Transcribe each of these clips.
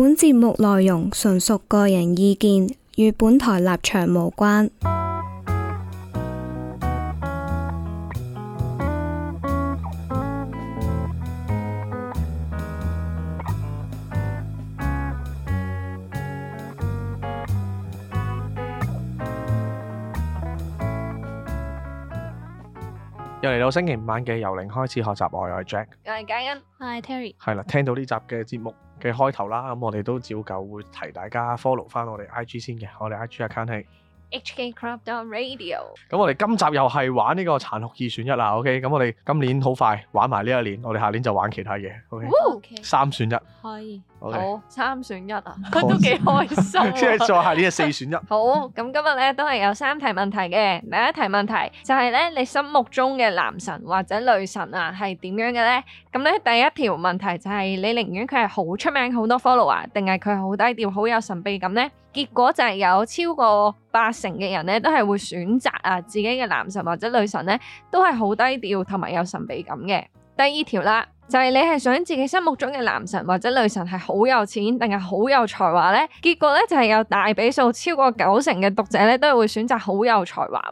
本節目內容純屬個人意見，與本台立場無關。又嚟到星期五晚嘅由零開始學習愛，我係 Jack。又係嘉欣，係 Terry。係啦，聽到呢集嘅節目嘅開頭啦，咁我哋都照舊會提大家 follow 翻我哋 IG 先嘅，我哋 IG account HK Crop Radio，咁我哋今集又係玩呢個殘酷二選一啦，OK？咁我哋今年好快玩完呢一年，我哋下年就玩其他嘢，OK？三選一，可以，好，三選一啊，佢都幾開心，即係再下年就四選一。好，咁今日咧都係有三題問題嘅，第一題問題就係咧，你心目中嘅男神或者女神啊係點樣嘅咧？咁咧第一條問題就係，你寧願佢係好出名好多 follower 啊，定係佢好低調好有神秘感咧？結果就係有超過八成嘅人咧，都係會選擇啊自己嘅男神或者女神咧，都係好低調同埋有神秘感嘅。第二條啦，就係你係想自己心目中嘅男神或者女神係好有錢定係好有才華咧？結果咧就係有大比數超過九成嘅讀者咧，都係會選擇好有才華。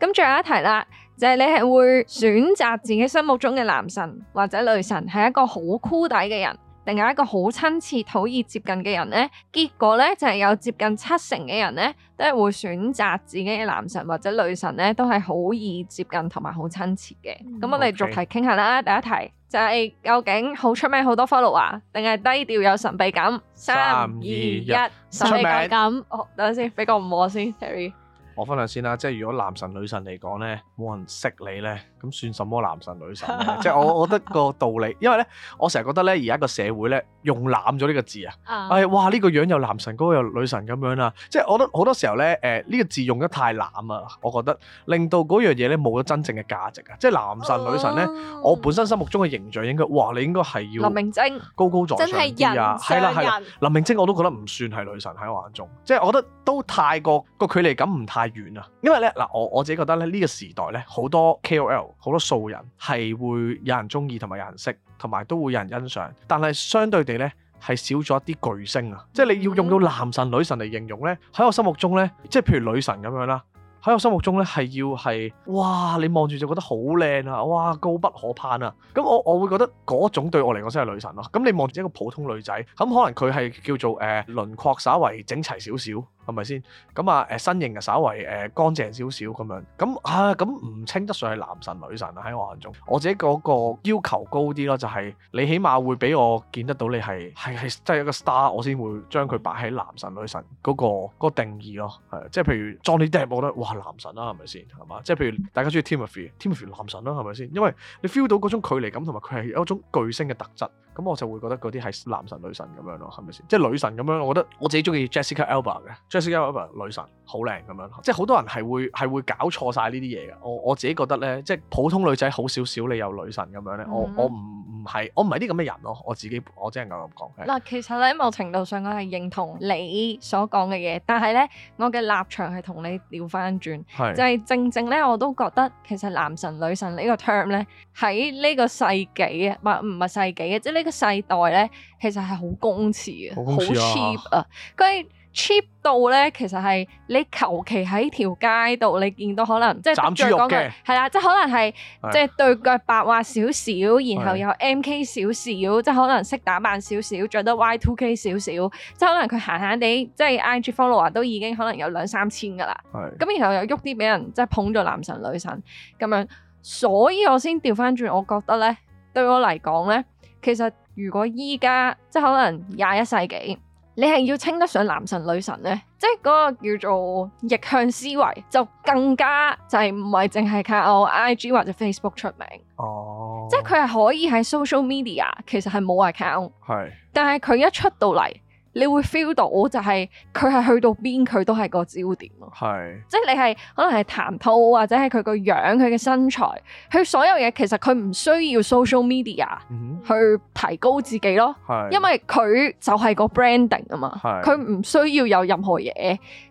咁最後一題啦，就係你係會選擇自己心目中嘅男神或者女神係一個好 cool 底嘅人。定係一個好親切、好易接近嘅人呢？結果咧就係、是、有接近七成嘅人咧，都係會選擇自己嘅男神或者女神咧，都係好易接近同埋好親切嘅。咁、嗯、我哋逐題傾下啦，嗯 okay. 第一題就係、是、究竟好出名好多 follow 啊，定係低調有神秘感？三二一，神秘感，感名、哦。等下先，俾個唔和先，Terri。我分享先啦，即係如果男神女神嚟講咧，冇人識你咧，咁算什麼男神女神？ 即係我覺得個道理，因為咧，我成日覺得咧，而家個社會咧用濫咗呢個字啊，係、嗯哎、哇呢、呢個樣有男神，嗰個又女神咁樣啦。即係我覺得好多時候咧，誒、呃、呢、呢個字用得太濫啊，我覺得令到嗰樣嘢咧冇咗真正嘅價值啊。即係男神女神咧，哦、我本身心目中嘅形象應該，哇你應該係要高高林明晶高高在上人，係啦係啦，林明晶我都覺得唔算係女神喺我眼中，即係我覺得都太過個距離感唔太。太遠啊！因為咧嗱，我我自己覺得咧呢個時代咧好多 KOL 好多素人係會有人中意同埋有人識，同埋都會有人欣賞。但係相對地咧係少咗一啲巨星啊！即係你要用到男神女神嚟形容咧，喺我心目中咧，即係譬如女神咁樣啦。喺我心目中咧係要係哇，你望住就覺得好靚啊！哇，高不可攀啊！咁我我會覺得嗰種對我嚟講先係女神咯。咁你望住一個普通女仔，咁可能佢係叫做誒輪廓稍為整齊少少。係咪先？咁、呃、啊，誒身形啊，稍為誒乾淨少少咁樣。咁啊，咁唔稱得上係男神女神啊，喺我眼中，我自己嗰個要求高啲咯，就係、是、你起碼會俾我見得到你係係係真係一個 star，我先會將佢擺喺男神女神嗰、那個那個定義咯。係，即係譬如 Johnny Depp，我覺得哇男神啦，係咪先？係嘛？即係譬如大家中意 Tim Timothy，Timothy 男神啦，係咪先？因為你 feel 到嗰種距離感同埋佢係有一種巨星嘅特質，咁我就會覺得嗰啲係男神女神咁樣咯，係咪先？即係女神咁樣，我覺得我自己中意 Jessica Alba 嘅。Justin 女神好靚咁樣，即係好多人係會係會搞錯晒呢啲嘢嘅。我我自己覺得咧，即係普通女仔好少少，你有女神咁樣咧、嗯。我我唔唔係，我唔係啲咁嘅人咯。我自己我只能夠咁講。嗱，其實咧，某程度上我係認同你所講嘅嘢，但係咧，我嘅立場係同你調翻轉，是就係正正咧，我都覺得其實男神女神個呢個 term 咧，喺呢個世紀啊，唔唔係世紀嘅，即係呢個世代咧，其實係好公廁嘅，好 cheap 啊，佢。cheap 到咧，其實係你求其喺條街度，你見到可能即係斬豬肉係啦，即係、就是、可能係即係對腳白滑少少，然後有 MK 少少，即係的可能識打扮少少，着得 Y two K 少少，即、就、係、是、可能佢閒閒地，即係 IG follow 啊都已經可能有兩三千噶啦，咁的然後又喐啲俾人即係、就是、捧咗男神女神咁樣，所以我先調翻轉，我覺得咧對我嚟講咧，其實如果依家即係可能廿一世紀。你係要稱得上男神女神呢？即係嗰個叫做逆向思維，就更加就係唔係淨係靠 IG 或者 Facebook 出名。哦，oh. 即係佢係可以喺 social media 其實係冇 account，Hey. 但係佢一出到嚟。你會 feel 到就係佢係去到邊佢都係個焦點咯，係即係你係可能係談吐或者係佢個樣佢嘅身材佢所有嘢其實佢唔需要 social media、嗯、哼去提高自己咯，因為佢就係個 branding 啊嘛，佢唔需要有任何嘢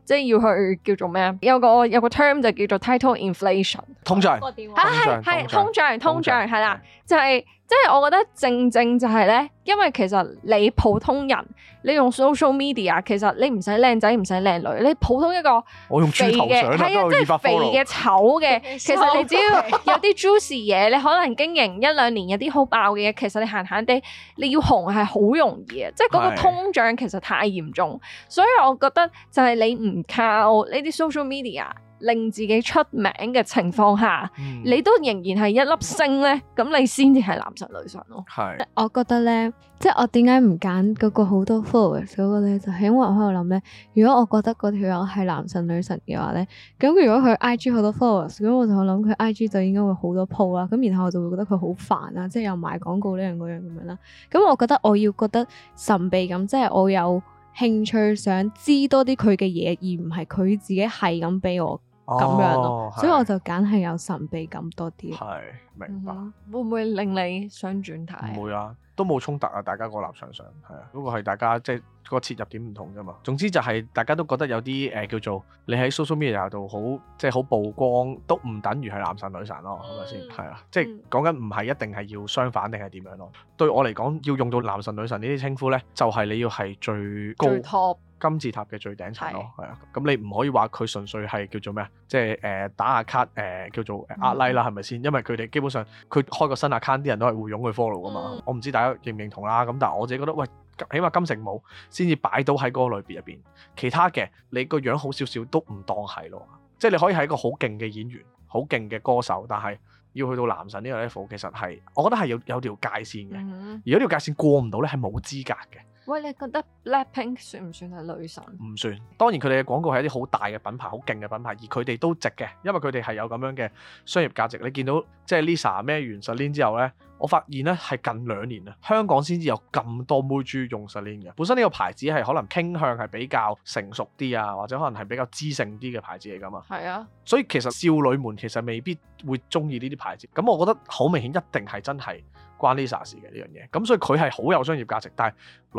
即係要去叫做咩啊，有個有個 term 就叫做 title inflation 通脹嚇係通脹常、啊、通脹係啦就係、是。即係我覺得正正就係咧，因為其實你普通人，你用 social media，其實你唔使靚仔，唔使靚女，你普通一個肥嘅，係啊，即係肥嘅的、醜嘅，其實你只要有啲 juicy 嘢， 你可能經營一兩年有啲好爆嘅嘢，其實你閒閒地你要紅係好容易嘅，即係嗰個通脹其實太嚴重，的所以我覺得就係你唔靠呢啲 social media。令自己出名嘅情況下，嗯、你都仍然係一粒星咧，咁你先至係男神女神咯、啊。係是，我覺得咧，即係我點解唔揀嗰個好多 followers 嗰個咧？就係因為我喺度諗咧，如果我覺得嗰條友係男神女神嘅話咧，咁如果佢 IG 好多 followers，咁我就諗佢 IG 就應該會好多鋪啦。咁然後我就會覺得佢好煩啊，即係又賣廣告呢樣嗰樣咁樣啦。咁我覺得我要覺得神秘感，即、就、係、是、我有興趣想知多啲佢嘅嘢，而唔係佢自己係咁俾我。咁樣咯，哦、所以我就揀係有神秘感多啲。係，明白。嗯、會唔會令你想轉態？唔會啊，都冇衝突啊，大家個立場上係啊。嗰個係大家即係、嗰個切入點唔同啫嘛。總之就係大家都覺得有啲誒、呃、叫做你喺 social media 度好即係好曝光，都唔等於係男神女神咯，係咪先？係啊，即係講緊唔係一定係要相反定係點樣咯、啊。對我嚟講，要用到男神女神呢啲稱呼咧，就係、是、你要係最高。最高金字塔嘅最頂層咯，係啊，咁你唔可以話佢純粹係叫做咩啊？即係誒打下卡誒叫做額拉啦，係咪先？因為佢哋基本上佢開個新 account，啲人都係會湧佢 follow 噶嘛。嗯、我唔知大家認唔認同啦。咁但係我自己覺得，喂，起碼金城武先至擺到喺嗰個類別入邊，其他嘅你個樣好少少都唔當係咯。即係你可以係一個好勁嘅演員、好勁嘅歌手，但係要去到男神呢個 level，其實係我覺得係有有條界線嘅。而如果呢條界線過唔到咧，係冇資格嘅。喂，你覺得 Blackpink 算唔算係女神？唔算。當然佢哋嘅廣告係一啲好大嘅品牌，好勁嘅品牌，而佢哋都值嘅，因為佢哋係有咁樣嘅商業價值。你見到即係 Lisa 咩原實聯之後呢，我發現呢係近兩年啊，香港先至有咁多妹豬用實聯嘅。本身呢個牌子係可能傾向係比較成熟啲啊，或者可能係比較知性啲嘅牌子嚟㗎嘛。係啊。所以其實少女們其實未必會中意呢啲牌子。咁我覺得好明顯，一定係真係。關 Lisa 事嘅呢樣嘢，咁、嗯、所以佢係好有商業價值。但係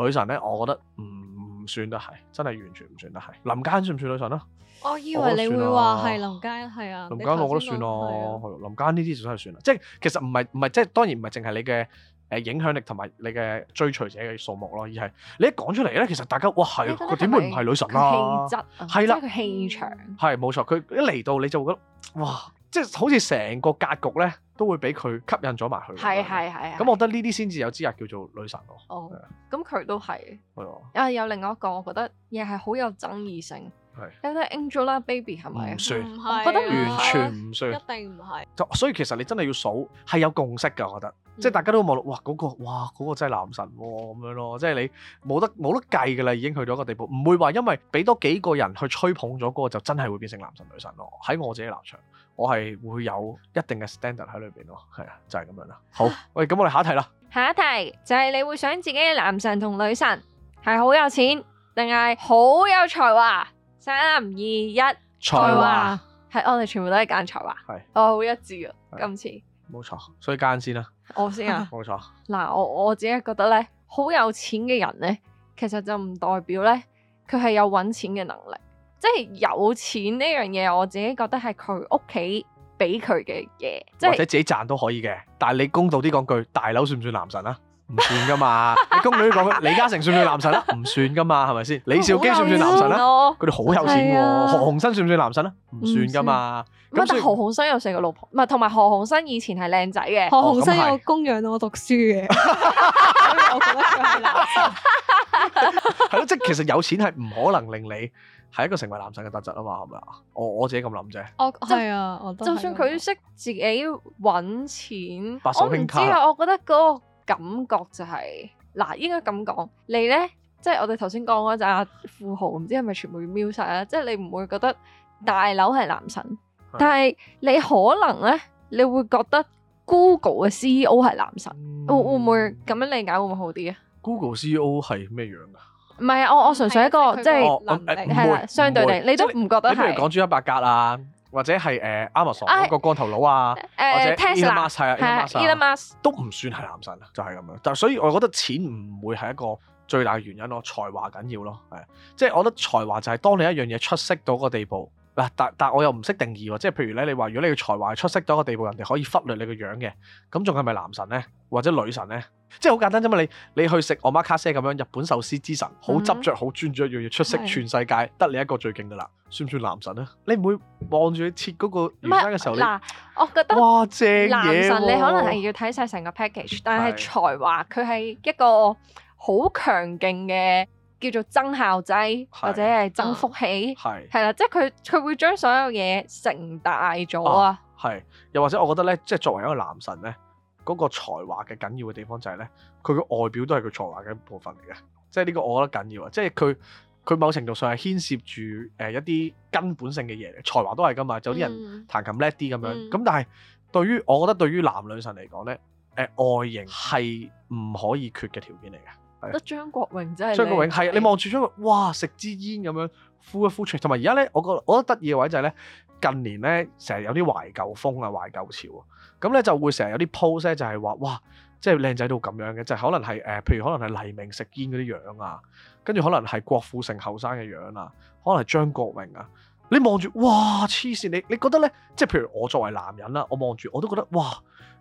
女神咧，我覺得唔、嗯、算得係，真係完全唔算得係。林嘉欣算唔算女神呢？我、哦、以為你會話係林嘉欣係啊。林嘉欣我覺得算咯，林嘉欣呢啲就真係算啦、啊。即係其實唔係唔係，即係當然唔係淨係你嘅誒影響力同埋你嘅追隨者嘅數目咯，而係你一講出嚟咧，其實大家哇係，佢點其實 會唔係女神啦、啊？氣質係、啊、啦，佢的氣場係冇錯。佢一嚟到你就會覺得哇，即係好似成個格局咧。都會俾佢吸引咗埋去，係係係。咁我覺得呢啲先至有資格叫做女神喎。哦、oh, Yeah.，咁佢都係。係啊。啊，有另外一個，我覺得嘢係好有爭議性。你 Yeah. 覺得 Angelababy 係咪？唔算，我覺得完全唔算。 一定唔係。所以其實你真係要數，係有共識㗎，我覺得。即係大家都望落，哇嗰個哇嗰個真係男神咁樣咯，即係你冇得冇得計噶啦，已經去到一個地步，唔會話因為俾多幾個人去吹捧咗嗰個就真係會變成男神女神咯。喺我自己嘅立場，我係會有一定嘅 standard 喺裏邊咯，係啊，就係咁樣啦。好，喂，咁我哋下一題啦。下一題就係你會想自己嘅男神同女神係好有錢定係好有才華？三二一，才華係，我哋全部都係揀才華，係，哦，好一致啊，係，今次。冇錯，所以揀先啦，我先啊，冇錯。嗱，我我自己覺得咧，好有錢嘅人咧，其實就唔代表咧，佢係有搵錢嘅能力。即係有錢呢樣嘢，我自己覺得係佢屋企俾佢嘅嘢，即係或者自己賺都可以嘅。但係你公道啲講句，大樓算唔算男神啊？唔算噶嘛，你公女講嘅李嘉誠算唔算男神啦？唔算噶嘛，係咪先？李兆基算唔算男神啦？佢哋好有錢喎，何鴻燊算唔算男神啦？唔算噶嘛。咁但何鴻燊有四個老婆，唔係同埋何鴻燊以前係靚仔嘅，何鴻燊有供養到我讀書嘅。我覺得係咯，即係其實有錢係唔可能令你係一個成為男神嘅特質啊嘛，係咪啊？我我自己咁諗啫。哦，係啊，我都係。就算佢識自己搵錢，白手興家，我唔知啊，我覺得個。感覺就係嗱，應該咁講，你咧，即係我哋頭先講嗰陣富豪，唔知係咪全部要秒曬咧？即係你唔會覺得大樓係男神，但係你可能咧，你會覺得 Google 嘅 CEO 係男神，會會唔會咁樣理解會唔會好啲啊？Google CEO 係咩樣噶？唔係啊，我我純粹一個即係係啦，相對地，你都唔覺得係。你不如講朱一百格啊？或者係誒 Amazon 嗰個光頭佬啊，啊呃、或者 Tesla, Elon Musk 啊、uh，Elon Musk, Elon Musk、uh, 都唔算係男神啦，就係、是、咁樣。但係所以我覺得錢唔會係一個最大嘅原因咯，才華緊要咯，係。即係我覺得才華就係當你一樣嘢出色到嗰個地步。嗱，但但我又唔識定義喎，即係譬如咧，你話如果你嘅才華出色到一個地步，人哋可以忽略你個樣嘅，咁仲係咪男神呢？或者女神呢？即係好簡單啫嘛，你你去食 omakase 咁樣日本壽司之神，好執着、好專注一樣嘢，出色、嗯、全世界得你一個最勁噶啦，的算唔算男神呢？你唔會望住佢切嗰個魚生嘅時候咧，我覺得哇正嘢、啊，男神你可能係要睇晒成個 package，的但係才華佢係一個好強勁嘅。叫做增效劑是或者係增福氣，係啦、啊是，即係佢佢會將所有嘢成大咗啊！係又或者我覺得咧，即係作為一個男神咧，嗰、那個才華嘅緊要嘅地方就係咧，佢嘅外表都係佢才華嘅一部分嚟嘅，即係呢個我覺得緊要啊！即係佢佢某程度上係牽涉住誒一啲根本性嘅嘢，才華都係㗎嘛，嗯、就有啲人彈琴叻啲咁樣，咁、嗯嗯、但係對於我覺得對於男女神嚟講咧，誒、呃、外形係唔可以缺嘅條件嚟嘅。得張國榮真係，張國榮係啊，你望住張國，哇食支煙咁樣呼一呼出。同埋而家咧，我覺得我覺得得意嘅位就係咧，近年咧成日有啲懷舊風啊、懷舊潮啊，咁咧就會成日有啲 pose 咧，就係話哇，即係靚仔到咁樣嘅，就可能係誒，譬如可能係黎明食煙嗰啲樣啊，跟住可能係郭富城後生嘅樣啊，可能係張國榮啊，你望住哇黐線，你你覺得咧，即係譬如我作為男人啦，我望住我都覺得哇，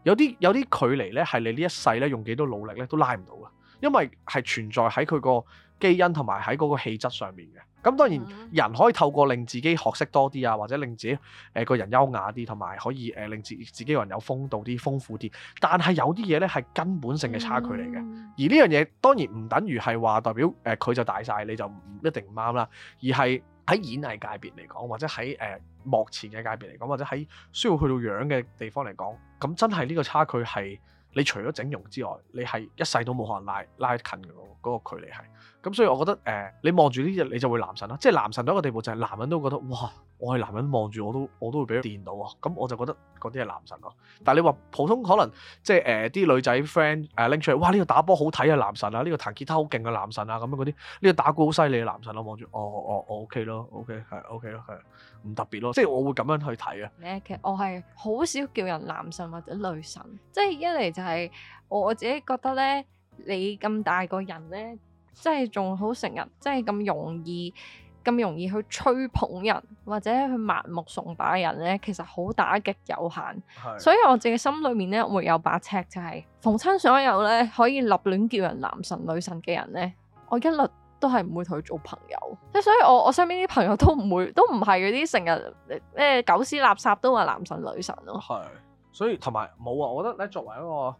有啲有啲距離咧係你呢一世咧用幾多努力咧都拉唔到嘅。因為係存在喺佢個基因同埋喺嗰個氣質上面嘅。咁當然人可以透過令自己學識多啲啊，或者令自己誒、呃、個人優雅啲，同埋可以誒令自自己個人有風度啲、豐富啲。但係有啲嘢呢係根本性嘅差距嚟嘅。嗯、而呢樣嘢當然唔等於係話代表誒佢、呃、就大晒，你就唔一定唔啱啦。而係喺演藝界別嚟講，或者喺誒幕前嘅界別嚟講，或者喺需要去到樣嘅地方嚟講，咁真係呢個差距係。你除咗整容之外，你係一世都冇可能拉拉近嘅喎、嗰個，嗰、嗰個距離係。咁所以我覺得、呃、你望住呢啲你就會男神啦，即係男神到一個地步就係男人都覺得哇。我係男人，望住我都我都會俾佢電到啊！咁我就覺得嗰啲係男神咯。但係你話普通可能即係誒啲女仔 friend 誒拎出嚟，哇！呢個打波好睇啊，男神啊！呢個彈吉他好勁嘅男神啊！咁樣嗰啲呢個打鼓好犀利嘅男神啊！望住哦哦哦，我、哦哦、OK 咯，OK 係 OK 咯，係唔特別咯。即係我會咁樣去睇啊。其實我係好少叫人男神或者女神，即係一嚟就係我自己覺得咧，你咁大個人咧，即係仲好成日即係咁容易，咁容易去吹捧人或者去盲目崇拜人呢，其實好打擊有限。是所以我自己心裏面呢，會有把尺，就是，就係逢親所有呢，可以立亂叫人男神女神嘅人呢，我一律都係唔會同佢做朋友。即係所以我我身邊啲朋友都唔會，都唔係嗰啲成日誒狗屎垃圾都話男神女神咯。係，所以同埋冇啊，我覺得咧，作為一個。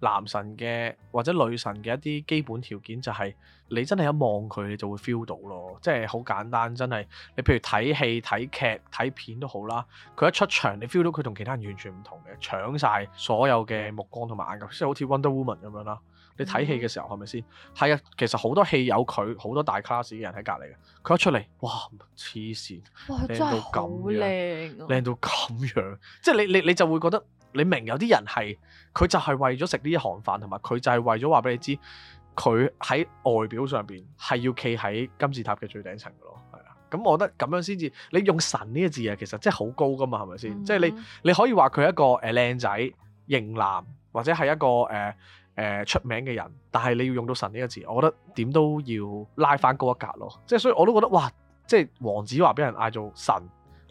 男神嘅或者女神嘅一啲基本條件就係、係、你真係一望佢你就會 feel 到咯，即係好簡單，真係你譬如睇戲睇劇睇片都好啦，佢一出場你 feel 到佢同其他人完全唔同嘅，搶晒所有嘅目光同埋眼球，即係好似 Wonder Woman 咁樣啦。你睇戲嘅時候係咪先？係啊、嗯，其實好多戲有佢，好多大 class 嘅人喺隔離嘅，佢一出嚟，哇，黐線，靚哇到咁靚，靚、啊、到咁樣，即係你你你，你就會覺得。你明，有啲人係佢就係為咗食呢一行飯，同埋佢就係為咗話俾你知，佢喺外表上邊係要企喺金字塔嘅最頂層嘅咯，係啊。咁我覺得咁樣先至，你用神呢個字啊，其實真係好高噶嘛，係咪先？嗯嗯，即係你你可以話佢係一個誒靚仔、呃、型男，或者係一個誒誒、呃呃、出名嘅人，但係你要用到神呢個字，我覺得點都要拉翻高一格咯。即係所以我都覺得哇，即係王子華俾人嗌做神。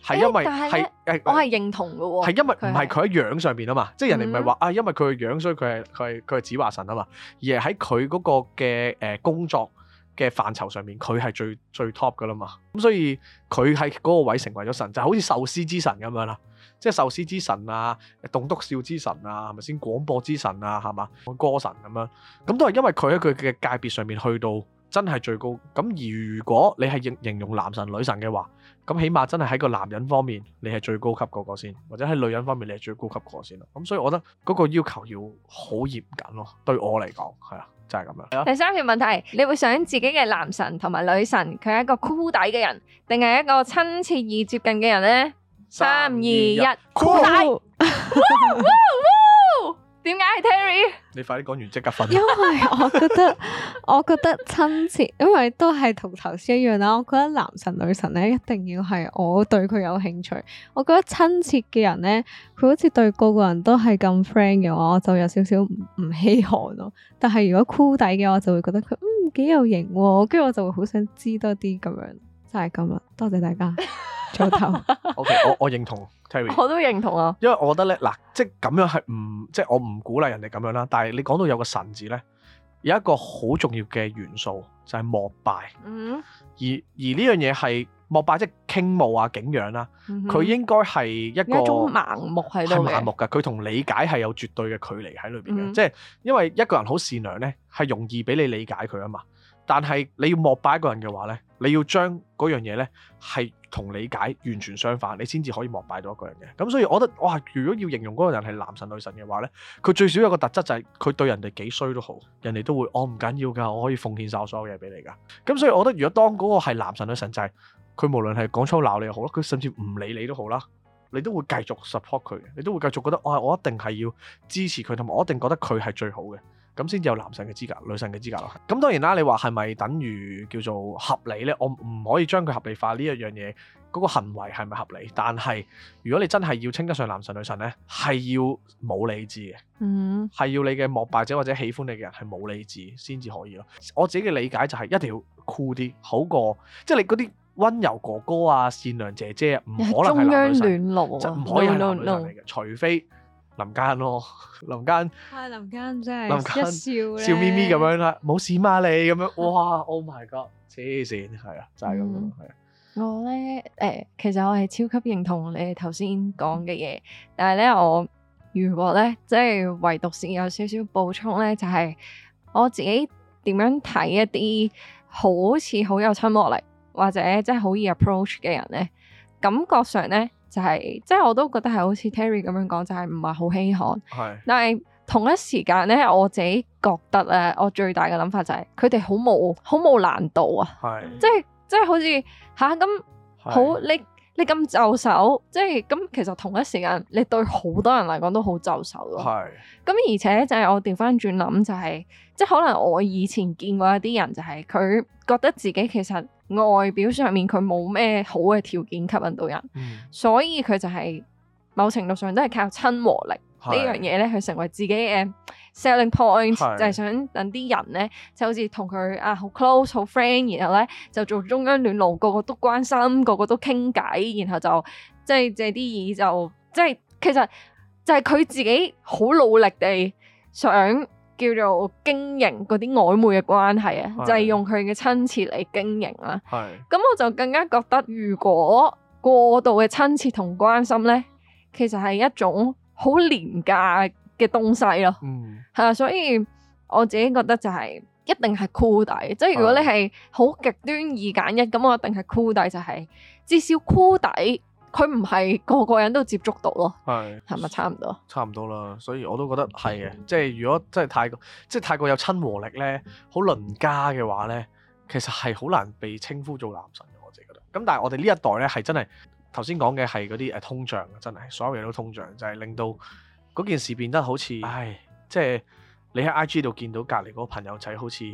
係因為係誒，我係認同嘅喎。係因為唔係佢喺樣上面啊嘛，嗯、即係人哋唔係話啊，因為佢嘅樣，所以佢係佢係佢係子華神啊嘛，而係喺佢嗰個嘅誒工作嘅範疇上面，佢係最最 top 噶啦嘛。咁所以佢喺嗰個位成為咗神，就好似壽司之神咁樣啦，即係壽司之神啊，棟篤笑之神啊，係咪先？廣播之神啊，係嘛？歌神咁樣，咁都係因為佢喺佢嘅界別上面去到。真係最高咁，如果你係形容男神女神嘅話，咁起碼真係喺個男人方面，你係最高級嗰個先，或者喺女人方面，你係最高級嗰個先啦。咁所以我覺得嗰個要求要好嚴謹咯。對我嚟講，係啊，就係咁樣。第三條問題，你會想自己嘅男神同埋女神，佢係一個酷底嘅人，定係一個親切易接近嘅人呢？三二一，酷底。點解係 Terri？你快啲講完即刻瞓。 因為我覺得，我覺得親切，因為都係同頭先一樣啦。我覺得男神女神咧，一定要係我對佢有興趣。我覺得親切嘅人咧，佢好似對個個人都係咁 friend 嘅話，我就有少少唔稀罕咯。但係如果 cool 底嘅,我就會覺得佢嗯，幾有型，跟住我就會好想知多啲咁樣，就係咁啦。多謝大家。 okay，我我認同 Terri，我都認同啊。因為我覺得咧，嗱，即係咁樣係唔，即係我唔鼓勵人哋咁樣啦。但係你講到有個神字咧，有一個好重要嘅元素就係、是、膜拜。嗯，而而呢樣嘢係膜拜，即係傾慕啊、景仰啦、啊。佢應該係一個、嗯、一盲目喺度，係盲目嘅。佢同理解係有絕對嘅距離喺裏邊嘅，嗯、哼即係因為一個人好善良咧，係容易俾你理解佢啊嘛。但係你要膜拜一個人嘅話咧。你要將嗰樣嘢呢係同理解完全相反，你先至可以膜拜到一個人嘅。咁所以，我覺得哇，如果要形容嗰個人係男神女神嘅話呢，佢最少有個特質就係、是、佢對人哋幾衰都好，人哋都會我唔緊要㗎，我可以奉獻晒我所有嘢俾你㗎。咁所以，我覺得如果當嗰個係男神女神，就係、是、佢無論係講粗鬧你又好啦，佢甚至唔理你都好啦，你都會繼續 support 佢，你都會繼續覺得，哇，我一定係要支持佢，同埋我一定覺得佢係最好嘅。咁先至有男神嘅資格，女神嘅資格咯。咁、嗯、當然啦，你話係咪等於叫做合理呢？我唔可以將佢合理化呢一樣嘢，嗰、嗰個行為係咪合理？但係如果你真係要稱得上男神女神呢，係要冇理智嘅，係、嗯、要你嘅膜拜者或者喜歡你嘅人係冇理智先至可以咯。我自己嘅理解就係一定要酷、cool、啲，好過即係你嗰啲溫柔哥哥啊、善良姐姐，啊，唔可能係男女神啊，唔可以係男女神嚟嘅，除非。林間咯、哦，林間，啊林間真係林間一笑笑咪咪咁樣啦，冇事嘛、啊、你咁樣，哇 oh my god，黐線係啊，就係、是、咁樣係、嗯、啊。我咧誒、呃，其實我係超級認同你頭先講嘅嘢，但係咧我如果咧，即、就、係、是、唯獨是有少少補充咧，就係、是、我自己點樣睇一啲好似好有親和力或者即係好易 approach 嘅人咧，感覺上咧。就係、是、即係我都覺得係好似 Terri 咁樣講，就係唔係好稀罕。係是，但係同一時間咧，我自己覺得咧，我最大嘅諗法就係佢哋好冇好冇難度啊。係是，即係即係好似吓咁好，是你你咁就手，即係咁其實同一時間，你對好多人嚟講都好就手咯、啊。係是，咁而且就係我調翻轉諗，就係、是就是、即係可能我以前見過一啲人，就係佢覺得自己其實。外表上面佢冇咩好嘅條件吸引到人，嗯、所以佢就係某程度上都係靠親和力是樣呢樣嘢咧去成為自己嘅 selling point，是就係想等啲人咧，就好似同佢啊好 close 好 friend，然後咧就做中央暖爐，個個都關心，個個都傾偈，然後就即係、即係、借啲意就即係、即係、其實就係佢自己好努力地想。叫做經營嗰啲曖昧嘅關係啊，就係用佢嘅親切嚟經營啦。係咁，我就更加覺得，如果過度嘅親切同關心咧，其實係一種好廉價嘅東西咯。嗯，係啊，所以我自己覺得就係一定係箍底，即係如果你係好極端二揀一咁，我一定係箍底，就係至少箍底。佢唔係個個人都接觸到咯，係係咪差唔多？差唔多啦，所以我都覺得係嘅。即係如果真係太過，即係太過有親和力呢，好鄰家嘅話呢，其實係好難被稱呼做男神嘅。我自己覺得。咁但係我哋呢一代呢，係真係頭先講嘅係嗰啲誒通脹，真係所有嘢都通脹，就係、是、令到嗰件事變得好似，唉，即係你喺 IG 度見到隔離嗰個朋友仔好似。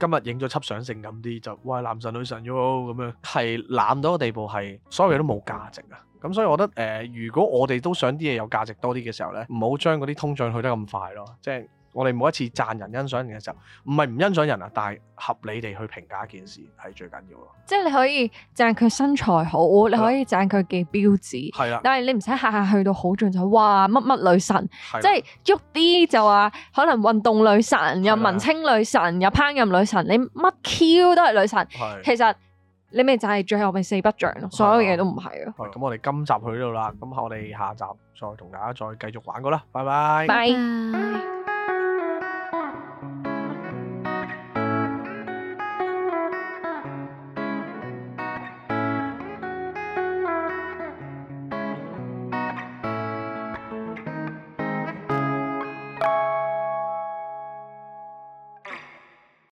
今日影咗輯相，性咁啲就，哇男神女神喎，咁樣，係濫到個地步，係所有嘢都冇價值噶。咁所以我覺得誒，如果我哋都想啲嘢有價值多啲嘅時候咧，唔好將嗰啲通脹去得咁快咯，即係。我哋每一次讚人欣賞人嘅時候，唔係唔欣賞人啊，但係合理地去評價一件事係最緊要咯。即係你可以讚佢身材好，你可以讚佢嘅標誌，係啊。但係你唔使下下去到好盡就哇乜乜女神，即係喐啲就話可能運動女神，又文青女神，又烹飪女神，你乜 Q 都係女神。其實你咪就係最後咪四不像咯，所有嘢都唔係咯。咁我哋今集去到啦，咁我哋下集再同大家再繼續玩過啦，拜拜。拜。